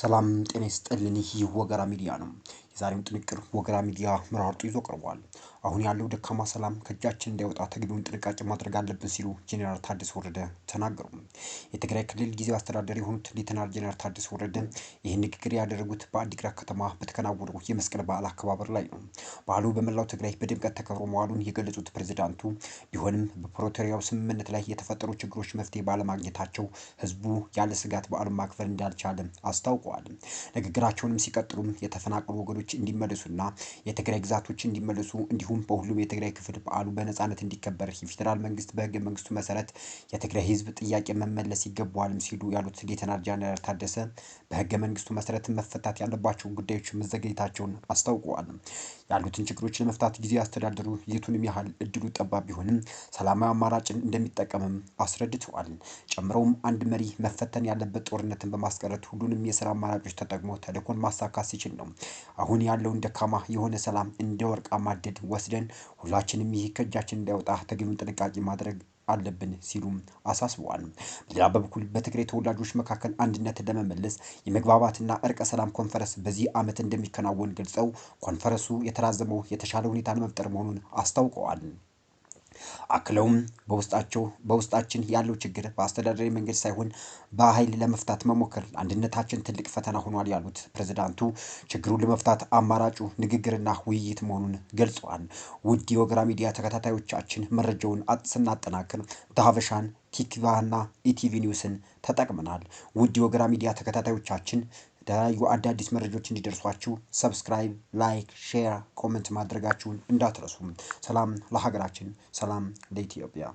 ሰላም ጤና ይስጥልን። ይህ ወገራ ሚዲያ ነው። የዛሬውን ጥንቅር ወገራ ሚዲያ መራርጦ ይዞ ቀርቧል። አሁን ያለው ደካማ ሰላም ከእጃችን እንዳይወጣ ተገቢውን ጥንቃቄ ማድረግ አለብን ሲሉ ጄኔራል ታደሰ ወረደ ተናገሩ። የትግራይ ክልል ጊዜያዊ አስተዳደር የሆኑት ሌተናል ጄኔራል ታደሰ ወረደ ይህን ንግግር ያደረጉት በአዲግራት ከተማ በተከናወነው የመስቀል በዓል አከባበር ላይ ነው። በዓሉ በመላው ትግራይ በድምቀት ተከብሮ መዋሉን የገለጹት ፕሬዚዳንቱ ቢሆንም በፕሮቶሪያው ስምምነት ላይ የተፈጠሩ ችግሮች መፍትሄ ባለማግኘታቸው ህዝቡ ያለ ስጋት በዓሉን ማክበር እንዳልቻለ አስታውቀዋል። ንግግራቸውንም ሲቀጥሉም የተፈናቀሉ ወገኖች ግዛቶች እንዲመለሱና የትግራይ ግዛቶች እንዲመለሱ እንዲሁም በሁሉም የትግራይ ክፍል በዓሉ በነጻነት እንዲከበር የፌዴራል መንግስት በህገ መንግስቱ መሰረት የትግራይ ህዝብ ጥያቄ መመለስ ይገባዋልም ሲሉ ያሉት ሌተናል ጀነራል ታደሰ በህገ መንግስቱ መሰረት መፈታት ያለባቸውን ጉዳዮች መዘገየታቸውን አስታውቀዋል። ያሉትን ችግሮች ለመፍታት ጊዜ አስተዳደሩ የቱንም ያህል እድሉ ጠባብ ቢሆንም ሰላማዊ አማራጭን እንደሚጠቀምም አስረድተዋል። ጨምረውም አንድ መሪ መፈተን ያለበት ጦርነትን በማስቀረት ሁሉንም የስራ አማራጮች ተጠቅሞ ተልእኮን ማሳካት ሲችል ነው። አሁን አሁን ያለውን ደካማ የሆነ ሰላም እንደ ወርቅ ማደድ ወስደን ሁላችንም ይህ ከእጃችን እንዳይወጣ ተገቢውን ጥንቃቄ ማድረግ አለብን ሲሉም አሳስበዋል። ሌላ በበኩል በትግራይ ተወላጆች መካከል አንድነት ለመመለስ የመግባባትና እርቀ ሰላም ኮንፈረንስ በዚህ ዓመት እንደሚከናወን ገልጸው ኮንፈረንሱ የተራዘመው የተሻለ ሁኔታ ለመፍጠር መሆኑን አስታውቀዋል። አክለውም በውስጣቸው በውስጣችን ያለው ችግር በአስተዳደራዊ መንገድ ሳይሆን በኃይል ለመፍታት መሞከር አንድነታችን ትልቅ ፈተና ሆኗል ያሉት ፕሬዝዳንቱ ችግሩን ለመፍታት አማራጩ ንግግርና ውይይት መሆኑን ገልጸዋል። ውድ የወገራ ሚዲያ ተከታታዮቻችን መረጃውን ስናጠናክር ተሀበሻን ቲክቫህና ኢቲቪ ኒውስን ተጠቅመናል። ውድ የወገራ ሚዲያ ተከታታዮቻችን የተለያዩ አዳዲስ መረጃዎች እንዲደርሷችሁ ሰብስክራይብ፣ ላይክ፣ ሼር፣ ኮመንት ማድረጋችሁን እንዳትረሱም። ሰላም ለሀገራችን፣ ሰላም ለኢትዮጵያ።